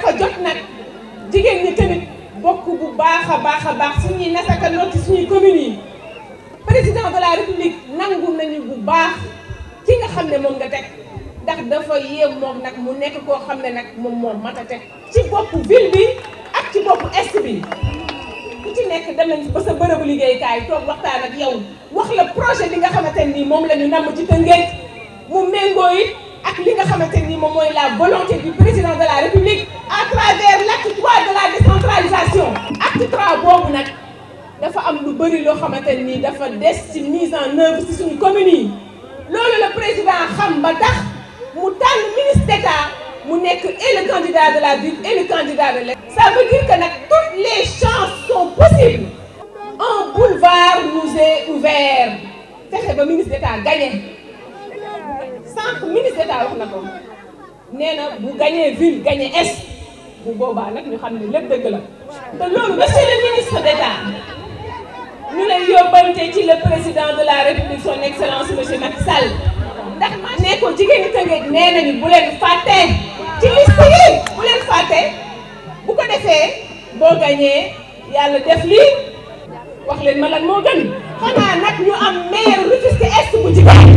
dafa jot nag jigéen ñi tamit bokk bu baax a baax a baax suñuy nasaka noot ci suñuy communes yi président de la république nangu nañu bu baax ki nga xam ne moom nga teg ndax dafa yéem moom nag mu nekk koo xam ne nag moom moom mat a teg ci bopp ville bi ak ci bopp est bi ku ci nekk dem nañ ba sa bërëbu liggéeykaay toog waxtaan ak yow wax la projet bi nga xamante nii moom la ñu namm ci Tëngéej mu méngoo it ak li nga xamante nii moom mooy la volonté du président travers l'acte 3 de la décentralisation acte 3 boobu nag dafa am lu bëri loo xamante nii dafa des mise en œuvre ci suñu commune Le le président xam ba tax mu ministre d'État mu le candidat de la ville et le candidat de l'État ça veut dire que toutes les chances sont possibles un boulevard nous est ouvert Le ba ministre d'État gagné le ministre d'État wax gagné. ko nee bu ville gagné est bu boobaa nag ñu xam ne lépp dëgg la te loolu monsieur le ministre d'État ñu lay yóbbante ci le président de la république son excellence monsieur Macky Sall ndax ma ne ko jigéen ñi nee nañu bu leen fàtte ci liste yi bu leen fàtte bu ko defee boo gañee yàlla def lii wax leen ma lan moo gën xanaa nag ñu am maire Rufisque Est bu jigéen